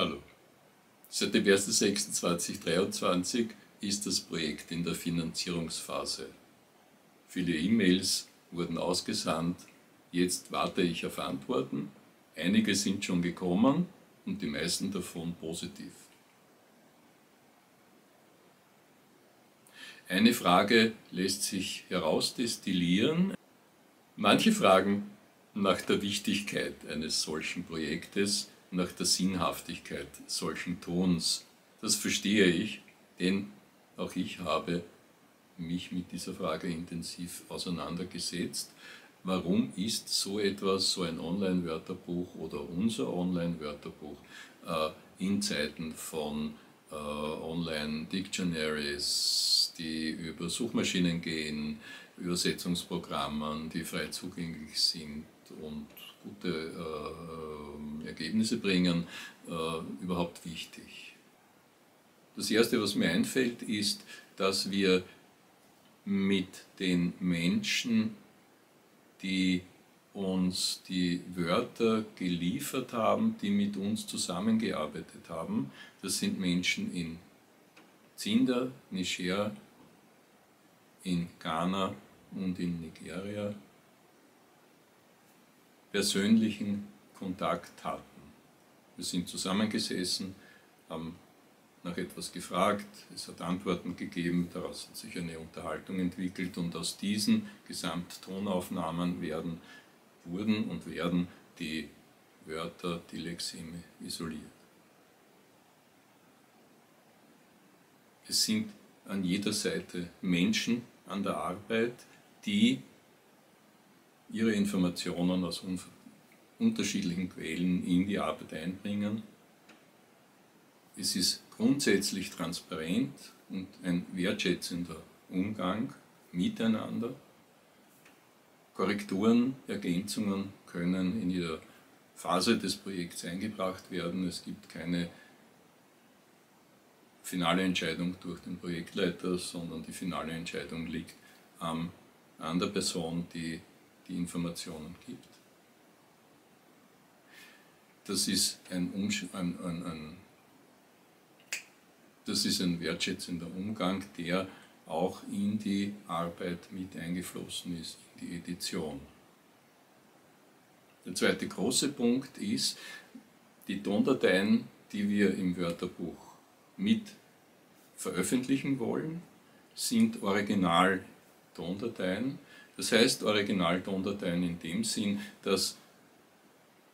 Hallo. Seit dem 1.6.2023 ist das Projekt in der Finanzierungsphase. Viele E-Mails wurden ausgesandt, jetzt warte ich auf Antworten. Einige sind schon gekommen und die meisten davon positiv. Eine Frage lässt sich herausdestillieren. Manche fragen nach der Wichtigkeit eines solchen Projektes, nach der Sinnhaftigkeit solchen Tons. Das verstehe ich, denn auch ich habe mich mit dieser Frage intensiv auseinandergesetzt. Warum ist so etwas, so ein Online-Wörterbuch oder unser Online-Wörterbuch äh, in Zeiten von äh, Online-Dictionaries, die über Suchmaschinen gehen, Übersetzungsprogramme, die frei zugänglich sind und gute äh, Ergebnisse bringen, äh, überhaupt wichtig. Das Erste, was mir einfällt, ist, dass wir mit den Menschen, die uns die Wörter geliefert haben, die mit uns zusammengearbeitet haben. Das sind Menschen in Zinder, Niger, in Ghana und in Nigeria persönlichen Kontakt hatten. Wir sind zusammengesessen, haben nach etwas gefragt, es hat Antworten gegeben, daraus hat sich eine Unterhaltung entwickelt und aus diesen Gesamttonaufnahmen werden, wurden und werden die Wörter, die Lexeme isoliert. Es sind an jeder Seite Menschen an der Arbeit, die ihre Informationen aus unterschiedlichen Quellen in die Arbeit einbringen. Es ist grundsätzlich transparent und ein wertschätzender Umgang miteinander. Korrekturen, Ergänzungen können in jeder Phase des Projekts eingebracht werden. Es gibt keine finale Entscheidung durch den Projektleiter, sondern die finale Entscheidung liegt am, an der Person, die die Informationen gibt. Das ist ein, Umsch ein, ein, ein das ist ein wertschätzender Umgang, der auch in die Arbeit mit eingeflossen ist, in die Edition. Der zweite große Punkt ist, die Tondateien, die wir im Wörterbuch mit veröffentlichen wollen, sind Originaltondateien. Das heißt Originaltondateien in dem Sinn, dass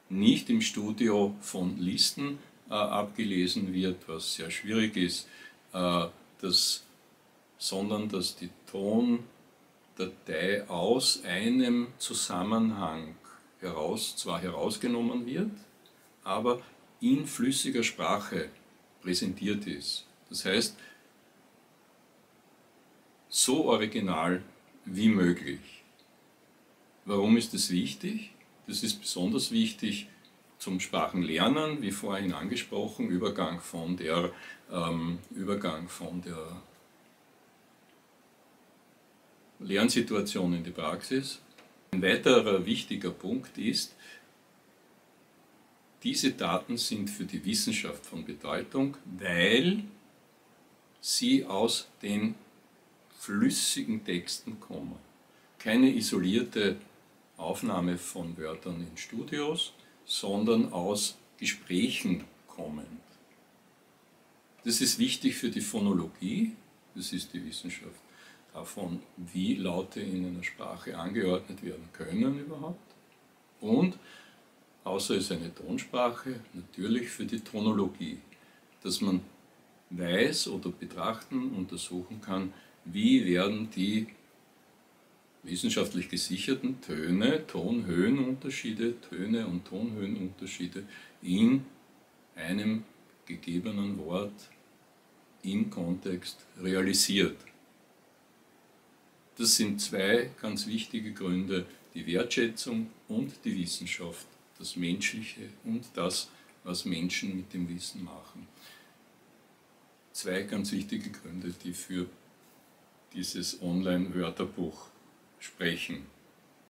nicht im Studio von Listen äh, abgelesen wird, was sehr schwierig ist, äh, dass, sondern dass die Tondatei aus einem Zusammenhang heraus, zwar herausgenommen wird, aber in flüssiger Sprache präsentiert ist. Das heißt, so original wie möglich. Warum ist das wichtig? Das ist besonders wichtig zum Sprachenlernen, wie vorhin angesprochen, Übergang von der, ähm, Übergang von der Lernsituation in die Praxis. Ein weiterer wichtiger Punkt ist, diese Daten sind für die Wissenschaft von Bedeutung, weil sie aus den flüssigen Texten kommen. Keine isolierte Aufnahme von Wörtern in Studios, sondern aus Gesprächen kommend. Das ist wichtig für die Phonologie, das ist die Wissenschaft davon, wie Laute in einer Sprache angeordnet werden können überhaupt. Und außer es ist eine Tonsprache, natürlich für die Tonologie, dass man weiß oder betrachten, untersuchen kann, wie werden die wissenschaftlich gesicherten Töne, Tonhöhenunterschiede, Töne und Tonhöhenunterschiede in einem gegebenen Wort im Kontext realisiert. Das sind zwei ganz wichtige Gründe, die Wertschätzung und die Wissenschaft das Menschliche und das, was Menschen mit dem Wissen machen. Zwei ganz wichtige Gründe, die für dieses Online-Wörterbuch sprechen.